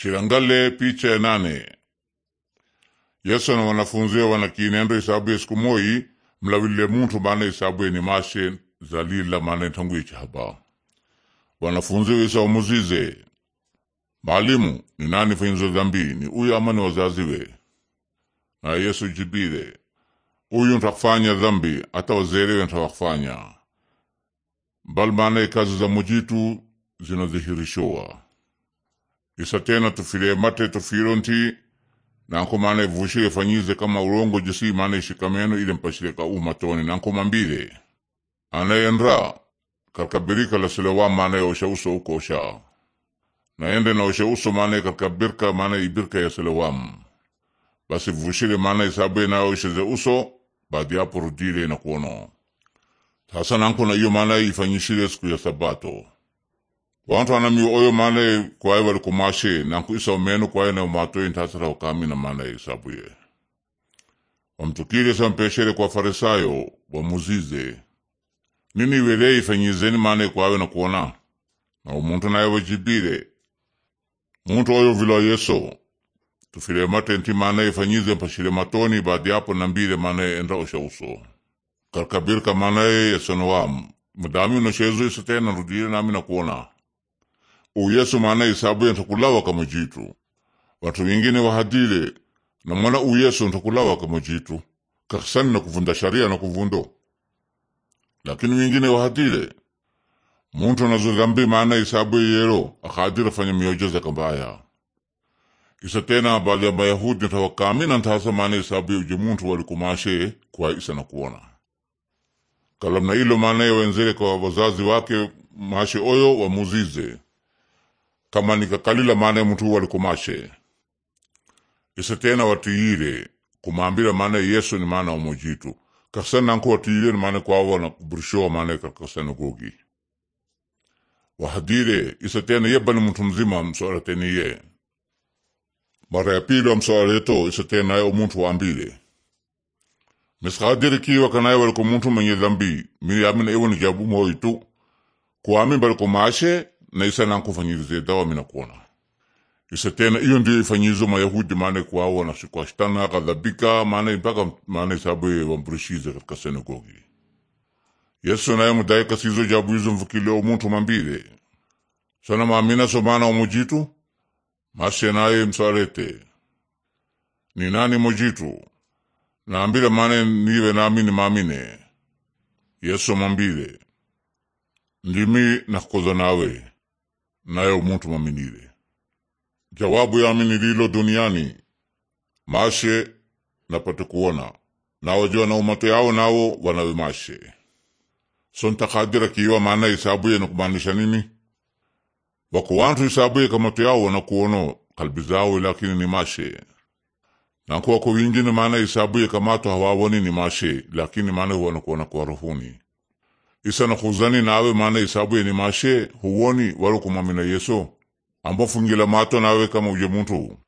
Chiangale picha ya nane. Yesu na wanafunzi wanakinendo isabu ya siku moi mlawile muntu maana isabu ya nimashe zalila maana itangu ichihaba wanafunzi isa umuzize maalimu ni nani fainzo dhambi ni uyu ama ni wazaziwe na Yesu jibile uyu ntakufanya dhambi hata wazerewe ntakufanya bali maana ikazi za mujitu zinadhihirishowa isatena tufile mate tufilo nti nanko maana ivushile ifanyize kama ulongo jisi maana ishikameno ile mpashile ka umatoni nanko mambile anayenra katika birika la silewa maana osha uso uko osha naende na osha uso maana katika birka maana ibirka ya silewam basi vushile maana isabe na osha uso baadi yapo rudile na kuono sasa nanko na iyo maana ifanyishile siku ya sabato wantu anami oyo manai kwai walikumashi nanku isa meno kwai na umatoi ntasara ukami na manai isabuye wamtukile sampeshere kwa farisayo wamuzize nini welei ifanyizeni manai kwawe nakuona na umuntu naye wajibile muntu oyo vila yeso tufile mate nti manai ifanyize mpashile matoni baadi yapo nambile manai enda oshauso karkabirka manai yasonowamu mudami unoshezu isa tena rudile nami na kuona uyesu maana isabuye ntakulawa jitu watu wingine wahadile na mwana uyesu ntakulawa jitu kakisani na kuvunda sharia na kuvundo lakini wingine wahadile muntu anazodhambi maana isabuye yero akadira fanya miujiza kambaya isa tena bali ya mayahudi ntawakamina ntasa maana ya uje muntu walikumashe kwa isa na kuona kalamna ilo maana wenzele kwa wazazi wake mashe oyo wamuzize tamanika kalila maana mtu walikumashe isa tena watiyile kumambira maana yesu ni maana omojitu kasananku watiyile ni maana kwawona kuburishowa maana kakasanagogi wahadire isa tena yeba ni mtu mzima msoala teniye mara ya pili wamsoaleto isa tena yo muntu waambile miskadiri kiwa kanaye waliko muntu mwenye dhambi miyamina iwo ni jabu moitu kuami balikumashe na isa nankufanyirize dawa mina kuona isa tena iyo ndio ifanyizo mayahudi maana kuwaona sikwashitana akadhabika maana mpaka maana ya wamburishize katika sinagogi yesu naye mudai kasizo jabu izo mvukile omuntu mambile sana maamina so maana omujitu masye naye msarete ni nani mojitu naambile maana niwe naamini maamine yesu mambile ndimi nakoza nawe naye umuntu maminire jawabu yami duniani mashe napate kuona nawajua na umato yao nawo wanawe mashe sontakadira kiiwa maana hisabuye nakumaanisha nini wako wantu hisabuye kamato yao wanakuono kalbi zao lakini ni mashe nakuwako wingine maana hisabuye kamato hawawoni ni mashe lakini maana wanakuona kwa rohuni isana khuzani nawe maana isabu yene mashe huwoni wali yeso yesu ambofungila mato nawe kama uje muntu